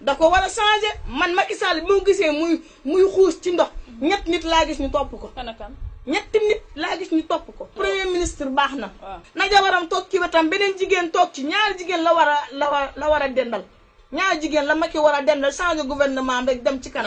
da ko war a changé man Macky Sall bi ma gisee muy muy xuus ci ndox ñett nit laa gis ñu topp ko ñett nit laa gis ñu topp ko oh. premier ministre baax na ah. na jabaram toog ci wetam beneen jigéen toog ci ñaari jigéen la war a la war la war a dendal ñaari jigéen la Macky war a dendal changé gouvernement am rek dem ci kan